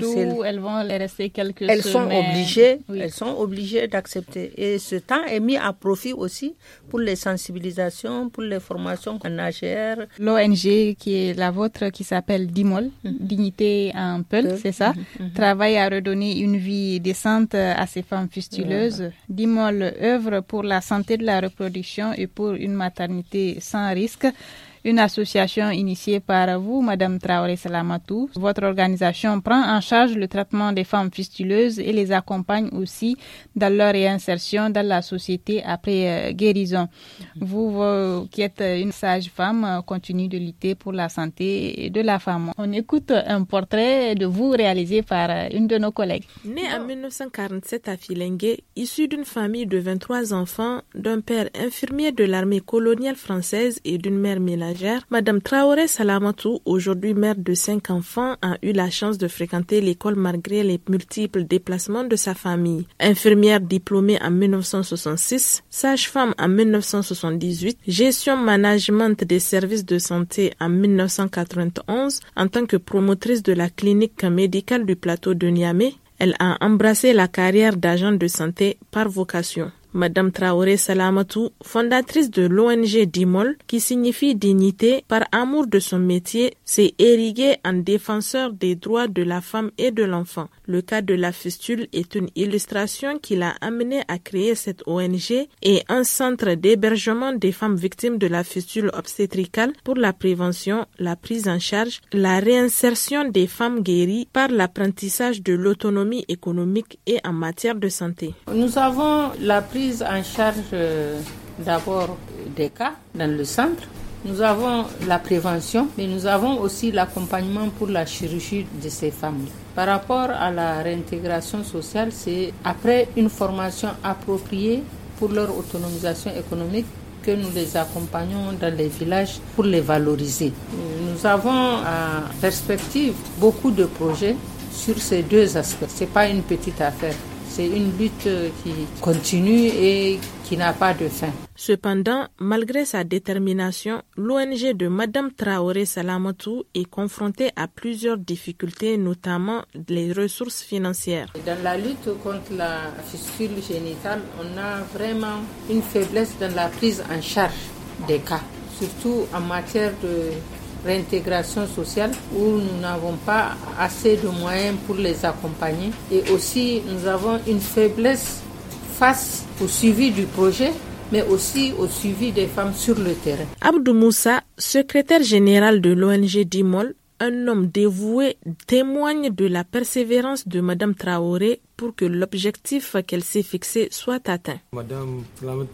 S4: d'où
S2: elles vont rester quelques elles Sont obligées,
S4: Elles sont obligées d'accepter. Et ce temps est mis à profit aussi pour les sensibilisations, pour les formations en AGR.
S2: L'ONG qui est la vôtre, qui s'appelle DIMOL, mhm. Dignité en Peul, c'est ça, mhm, mhm. travaille à redonner une vie décente à ces femmes fustuleuses. DIMOL œuvre pour la santé de la reproduction et pour une maternité sans risque une association initiée par vous, Madame Traoré Salamatou. Votre organisation prend en charge le traitement des femmes fistuleuses et les accompagne aussi dans leur réinsertion dans la société après euh, guérison. Vous, qui êtes une sage femme, euh, continuez de lutter pour la santé de la femme. On écoute un portrait de vous réalisé par euh, une de nos collègues.
S5: Née en 1947 à Filengue, issue d'une famille de 23 enfants, d'un père infirmier de l'armée coloniale française et d'une mère ménagère, Madame Traoré Salamatou, aujourd'hui mère de cinq enfants, a eu la chance de fréquenter l'école malgré les multiples déplacements de sa famille. Infirmière diplômée en 1966, sage-femme en 1978, gestion management des services de santé en 1991, en tant que promotrice de la clinique médicale du plateau de Niamey, elle a embrassé la carrière d'agent de santé par vocation. Madame Traoré Salamatou, fondatrice de l'ONG Dimol, qui signifie dignité par amour de son métier, s'est érigée en défenseur des droits de la femme et de l'enfant. Le cas de la fistule est une illustration qui l'a amenée à créer cette ONG et un centre d'hébergement des femmes victimes de la fistule obstétricale pour la prévention, la prise en charge, la réinsertion des femmes guéries par l'apprentissage de l'autonomie économique et en matière de santé. Nous avons la prise en charge euh, d'abord des cas dans
S4: le centre. Nous avons la prévention, mais nous avons aussi l'accompagnement pour la chirurgie de ces femmes. Par rapport à la réintégration sociale, c'est après une formation appropriée pour leur autonomisation économique que nous les accompagnons dans les villages pour les valoriser. Nous avons en perspective beaucoup de projets sur ces deux aspects. Ce n'est pas une petite affaire c'est une lutte euh,
S5: qui continue et qui n'a pas de fin. Cependant, malgré sa détermination, l'ONG de Madame Traoré Salamatou est confrontée à plusieurs difficultés, notamment les ressources financières.
S4: Dans la lutte contre la fistule génitale, on a vraiment une faiblesse dans la prise en charge des cas, surtout en matière de réintégration sociale où nous n'avons pas assez de moyens pour les accompagner et aussi nous avons une faiblesse face au suivi du projet mais aussi au suivi des femmes sur le terrain.
S5: Abdou Moussa, secrétaire général de l'ONG Dimol, un homme dévoué témoigne de la persévérance de Madame Traoré pour que l'objectif qu'elle s'est fixé soit atteint.
S3: Madame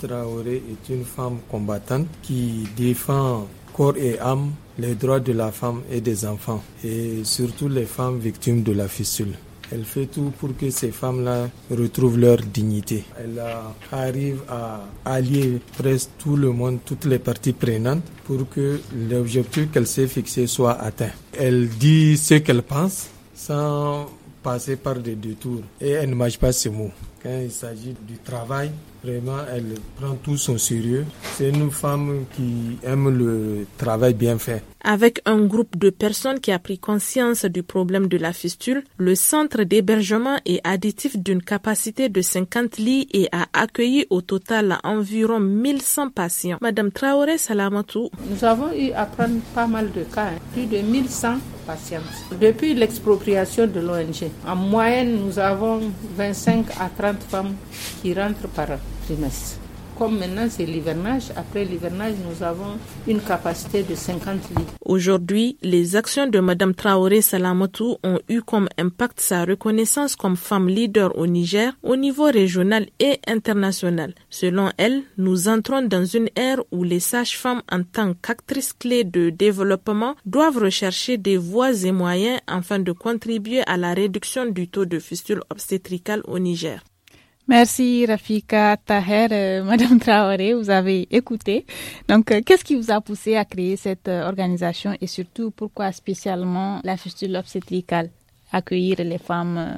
S3: Traoré est une femme combattante qui défend corps et âme les droits de la femme et des enfants, et surtout les femmes victimes de la fistule. Elle fait tout pour que ces femmes-là retrouvent leur dignité. Elle arrive à allier presque tout le monde, toutes les parties prenantes, pour que l'objectif qu'elle s'est fixé soit atteint. Elle dit ce qu'elle pense sans passer par des détours et elle ne mange pas ses mots quand il s'agit du travail, vraiment, elle prend tout son sérieux. C'est une femme qui aime le travail bien fait.
S5: Avec un groupe de personnes qui a pris conscience du problème de la fistule, le centre d'hébergement est additif d'une capacité de 50 lits et a accueilli au total environ 1100 patients. Madame Traoré Salamatou. Nous avons eu à prendre pas mal de cas, hein. plus de 1100 patients. Depuis
S4: l'expropriation de l'ONG, en moyenne, nous avons 25 à 30 femmes qui rentrent par trimestre. Comme maintenant c'est l'hivernage, après l'hivernage, nous avons une capacité de 50
S5: Aujourd'hui, les actions de Mme Traoré Salamotou ont eu comme impact sa reconnaissance comme femme leader au Niger au niveau régional et international. Selon elle, nous entrons dans une ère où les sages-femmes en tant qu'actrices clés de développement doivent rechercher des voies et moyens afin de contribuer à la réduction du taux de fistule obstétricale au Niger.
S2: Merci Rafika Taher, euh, Madame Traoré, vous avez écouté. Donc, euh, qu'est-ce qui vous a poussé à créer cette euh, organisation et surtout pourquoi spécialement la fistule obstétricale, accueillir les femmes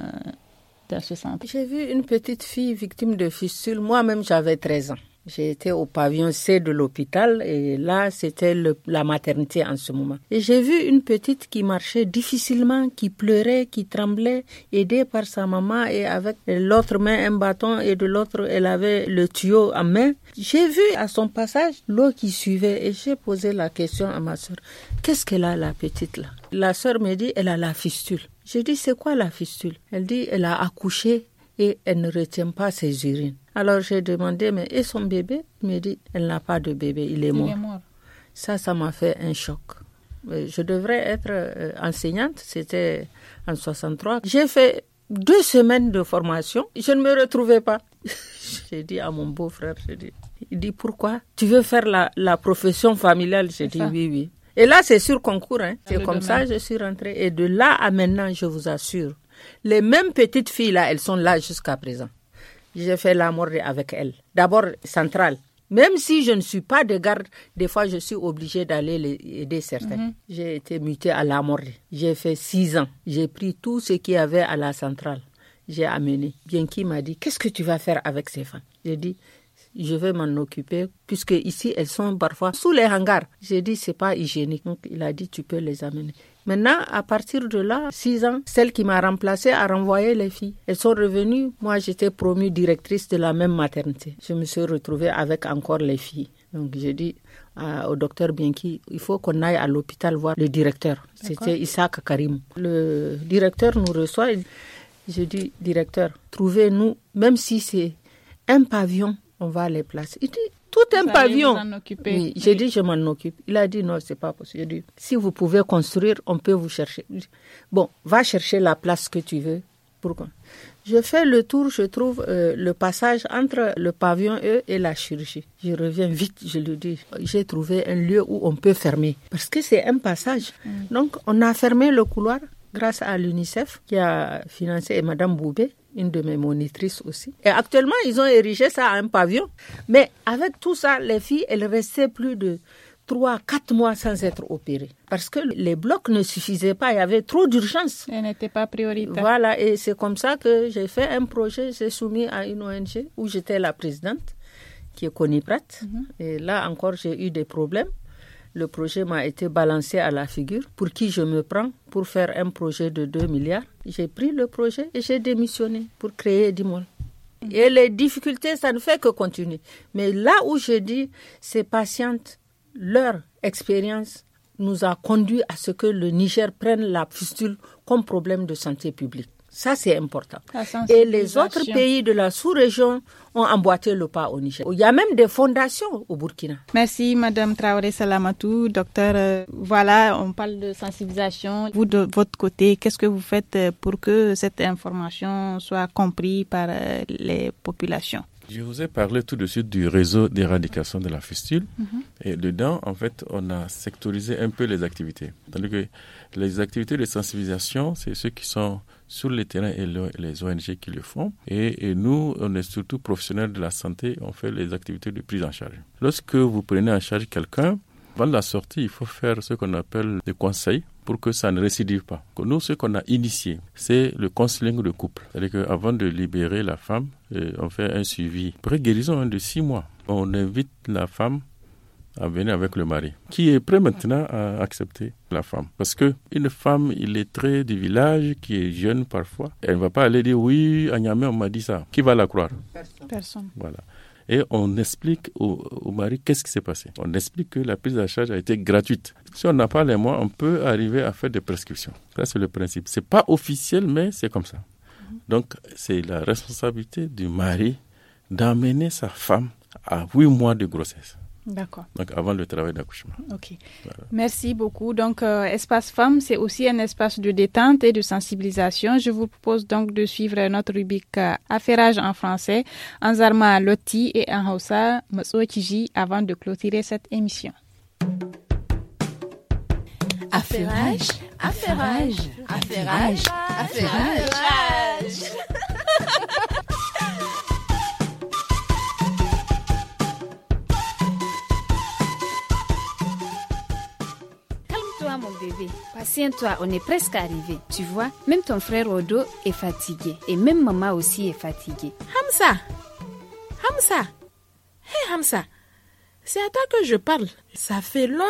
S2: dans ce centre J'ai vu une petite fille victime de fistule, moi-même
S4: j'avais 13 ans. J'ai été au pavillon C de l'hôpital et là, c'était la maternité en ce moment. Et j'ai vu une petite qui marchait difficilement, qui pleurait, qui tremblait, aidée par sa maman et avec l'autre main un bâton et de l'autre, elle avait le tuyau en main. J'ai vu à son passage l'eau qui suivait et j'ai posé la question à ma soeur. Qu'est-ce qu'elle a, la petite là? La soeur me dit, elle a la fistule. J'ai dit, c'est quoi la fistule Elle dit, elle a accouché et elle ne retient pas ses urines. Alors j'ai demandé, mais et son bébé Il me dit, elle n'a pas de bébé, il est mort. est mort. Ça, ça m'a fait un choc. Euh, je devrais être euh, enseignante, c'était en 63. J'ai fait deux semaines de formation, je ne me retrouvais pas. j'ai dit à mon beau-frère, dit, il dit, pourquoi Tu veux faire la, la profession familiale J'ai dit, oui, oui. Et là, c'est sur concours. Hein. C'est comme ça, je suis rentrée. Et de là à maintenant, je vous assure, les mêmes petites filles-là, elles sont là jusqu'à présent. J'ai fait la avec elles. D'abord, centrale. Même si je ne suis pas de garde, des fois je suis obligée d'aller les aider certains. Mhm. J'ai été mutée à la morgue. J'ai fait six ans. J'ai pris tout ce qu'il y avait à la centrale. J'ai amené. Bien qui m'a dit, qu'est-ce que tu vas faire avec ces femmes J'ai dit, je vais m'en occuper, puisque ici elles sont parfois sous les hangars. J'ai dit, c'est pas hygiénique. Donc, il a dit, tu peux les amener. Maintenant, à partir de là, 6 ans, celle qui m'a remplacée a renvoyé les filles. Elles sont revenues. Moi, j'étais promue directrice de la même maternité. Je me suis retrouvée avec encore les filles. Donc, j'ai dit au docteur Bienki, il faut qu'on aille à l'hôpital voir le directeur. C'était Isaac Karim. Le directeur nous reçoit. J'ai je dis, directeur, trouvez-nous, même si c'est un pavillon, on va les placer. Il dit, tout un pavillon. Oui, j'ai dit, je m'en occupe. Il a dit, non, c'est pas possible. J'ai dit, si vous pouvez construire, on peut vous chercher. Bon, va chercher la place que tu veux. Pourquoi Je fais le tour, je trouve euh, le passage entre le pavillon E et la chirurgie. Je reviens vite, je lui dis, j'ai trouvé un lieu où on peut fermer. Parce que c'est un passage. Mm. Donc, on a fermé le couloir grâce à l'UNICEF qui a financé et Madame Boubé une de mes monitrices aussi. Et actuellement, ils ont érigé ça à un pavillon. Mais avec tout ça, les filles, elles restaient plus de 3 4 mois sans être opérées. Parce que les blocs ne suffisaient pas, il y avait trop d'urgence. Elles n'étaient pas prioritaires. Voilà, et c'est comme ça que j'ai fait un projet, j'ai soumis à une ONG où j'étais la présidente, qui est Coniprat. Mhm. Et là encore, j'ai eu des problèmes le projet m'a été balancé à la figure. Pour qui je me prends pour faire un projet de 2 milliards J'ai pris le projet et j'ai démissionné pour créer Dimol. Et les difficultés, ça ne fait que continuer. Mais là où je dis, ces patientes, leur expérience nous a conduit à ce que le Niger prenne la fistule comme problème de santé publique. Ça, c'est important.
S2: Et les autres pays de
S4: la sous-région
S2: ont emboîté le pas au Niger. Il y a même des fondations au Burkina. Merci, Madame Traoré Salamatou. Docteur, euh, voilà, on parle de sensibilisation. Vous, de votre côté, qu'est-ce que vous faites euh, pour que cette information soit comprise par euh, les populations
S3: je vous ai parlé tout de suite du réseau d'éradication de la fistule. Mhm. Et dedans, en fait, on a sectorisé un peu les activités. Tandis que les activités de sensibilisation, c'est ceux qui sont sur le terrain et les ONG qui le font. Et, nous, on est surtout professionnels de la santé, on fait les activités de prise en charge. Lorsque vous prenez en charge quelqu'un, avant la sortie, il faut faire ce qu'on appelle des conseils pour que ça ne récidive pas. Nous, ce qu'on a initié, c'est le counseling de couple. C'est-à-dire qu'avant de libérer la femme, euh, on fait un suivi. pré guérison de six mois, on invite la femme à venir avec le mari, qui est prêt maintenant à accepter la femme. Parce que une femme, il est très du village, qui est jeune parfois, elle ne va pas aller dire oui, à on m'a dit ça. Qui va la croire Personne. Voilà. Et on explique au, mari qu'est-ce qui s'est passé. On explique que la prise en charge a été gratuite. Si on n'a pas les mois on peut arriver à faire des prescriptions. Ça, c'est le principe. C'est pas officiel, mais c'est comme ça. Mhm. Donc, c'est la responsabilité du mari d'amener sa femme à huit mois de grossesse. D'accord. Donc avant le travail d'accouchement.
S2: Ok. Merci beaucoup. Donc euh, espace femme, c'est aussi un espace de détente et de sensibilisation. Je vous propose donc de suivre notre rubrique afférage euh, affairage en français, en zarma loti et en hausa avant de clôturer cette émission.
S5: affairage. affairage. affairage. affairage.
S1: bébé, patiente-toi, on est presque arrivé. Tu vois, même ton frère Odo est fatigué. Et même maman aussi est fatiguée. Hamza Hamza Hé hey Hamza C'est à toi que je parle. Ça fait longtemps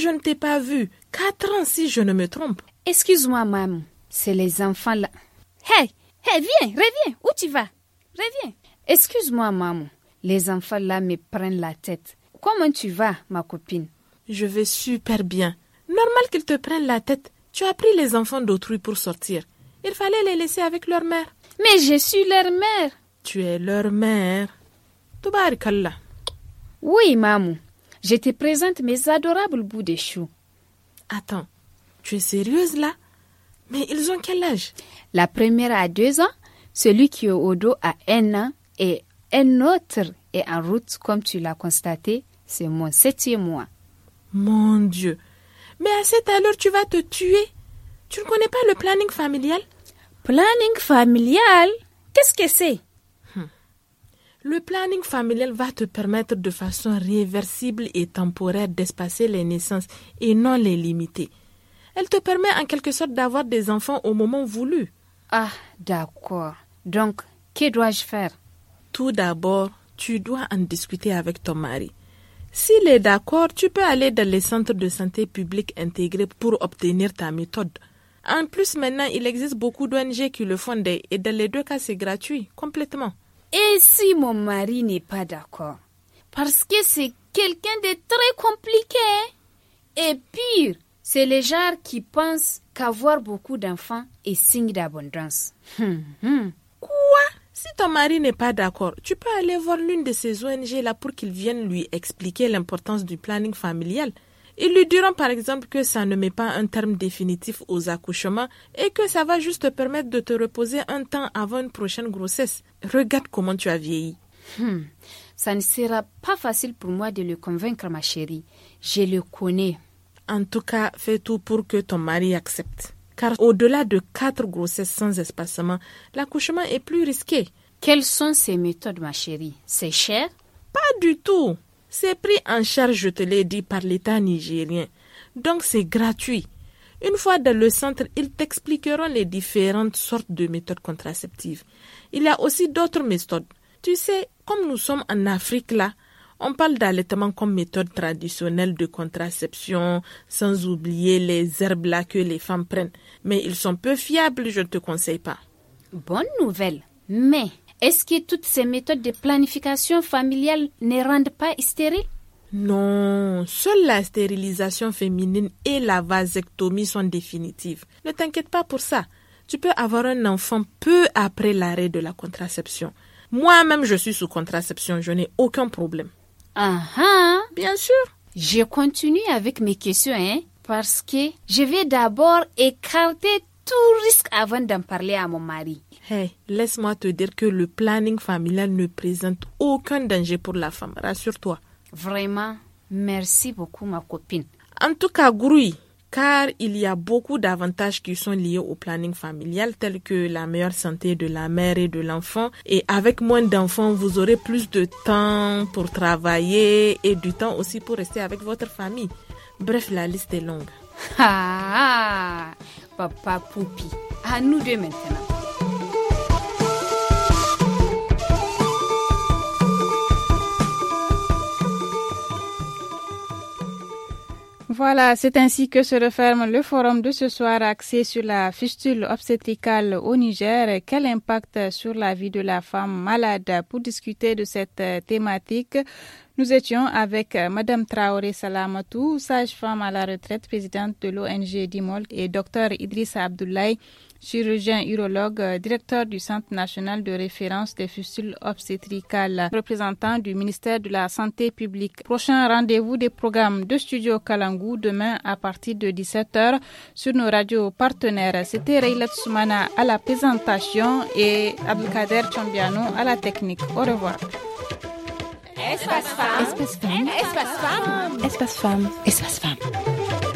S1: je ne t'ai pas vu. Quatre ans si je ne me trompe. Excuse-moi, maman. C'est les enfants là. Hé hey, Hé, hey, viens, reviens. Où tu vas Reviens. Excuse-moi, maman. Les enfants là me prennent la tête. Comment tu vas, ma copine Je vais super bien. Normal qu'ils te prennent la tête. Tu as pris les enfants d'autrui
S5: pour sortir. Il fallait les laisser
S1: avec leur mère. Mais je suis leur mère. Tu es leur mère. là. Oui, maman. Je te présente mes adorables bouts de chou. Attends, tu es sérieuse là Mais ils ont quel âge La première a deux ans, celui qui est au dos a un an et un autre est en route, comme tu l'as constaté, c'est mon septième mois. Mon Dieu,
S5: mais à cette heure, tu vas te tuer. Tu ne connais pas le
S1: planning familial Planning familial Qu'est-ce que c'est hmm.
S5: Le planning familial va te permettre de façon réversible et temporaire d'espacer les naissances et non les limiter. Elle te permet en quelque sorte d'avoir des enfants au moment voulu. Ah, d'accord. Donc, que dois-je faire Tout d'abord, tu dois en discuter avec ton mari. S'il est d'accord, tu peux aller dans les centres de santé publique intégrés pour obtenir ta méthode. En plus, maintenant, il existe beaucoup d'ONG qui le font et dans les deux cas, c'est gratuit, complètement. Et
S1: si mon mari n'est pas d'accord Parce que c'est quelqu'un de très compliqué. Hein. Et pire, c'est les gens qui pensent qu'avoir beaucoup d'enfants est signe d'abondance. Hum, hum. Quoi si ton mari n'est pas
S5: d'accord, tu peux aller voir l'une de ces ONG là pour qu'ils viennent lui expliquer l'importance du planning familial. Ils lui diront par exemple que ça ne met pas un terme définitif aux accouchements et que ça va juste te permettre de te reposer un temps avant une prochaine grossesse. Regarde comment tu
S1: as vieilli. Hmm. Ça ne sera pas facile pour moi de le convaincre, ma chérie. Je le connais. En tout cas, fais tout pour que ton mari accepte car au-delà
S5: de quatre grossesses sans espacement, l'accouchement est plus risqué. Quelles sont ces méthodes, ma chérie C'est cher Pas du tout. C'est pris en charge, je te l'ai dit, par l'État nigérien. Donc c'est gratuit. Une fois dans le centre, ils t'expliqueront les différentes sortes de méthodes contraceptives. Il y a aussi d'autres méthodes. Tu sais, comme nous sommes en Afrique là, on parle d'allaitement comme méthode traditionnelle de contraception, sans oublier les herbes là que les femmes prennent. Mais ils sont
S1: peu fiables, je ne te conseille pas. Bonne nouvelle. Mais est-ce que toutes ces méthodes de planification familiale ne rendent pas stériles non, seule
S5: la stérilisation féminine et la vasectomie sont définitives. Ne t'inquiète pas pour ça. Tu peux avoir un enfant peu après l'arrêt de la contraception. Moi-même, je suis sous contraception, je n'ai aucun problème.
S1: Ah Bien sûr. Je continue avec mes questions, hein, parce que je vais d'abord écarter tout risque avant d'en parler à mon mari. Hey,
S5: laisse-moi te dire que le planning familial ne présente aucun danger pour la femme, rassure-toi.
S1: Vraiment, merci
S5: beaucoup ma copine. En tout cas, Grouille, car il y a beaucoup d'avantages qui sont liés au planning familial tels que la meilleure santé de la mère et de l'enfant et avec moins d'enfants vous aurez plus de temps pour travailler et du temps aussi pour rester avec votre
S1: famille. Bref, la liste est longue. Ah, ah papa Poupi, à nous deux maintenant.
S2: Voilà, c'est ainsi que se referme le forum de ce soir axé sur la fistule obstétricale au Niger. Quel impact sur la vie de la femme malade Pour discuter de cette euh, thématique, nous étions avec euh, Madame Traoré Salamatou, sage-femme à la retraite, présidente de l'ONG Dimol, et Dr Idrissa Abdoulaye, chirurgien urologue, euh, directeur du Centre national de référence des fustules obstétricales, représentant du ministère de la Santé publique. Prochain rendez-vous des programmes de Studio Kalangou demain à partir de 17h sur nos radios partenaires. C'était Reylet Soumana à la présentation et Abdelkader Chambiano à la technique. Au revoir. Es was warm. Es was warm. Es was warm. Es was warm. Es was warm.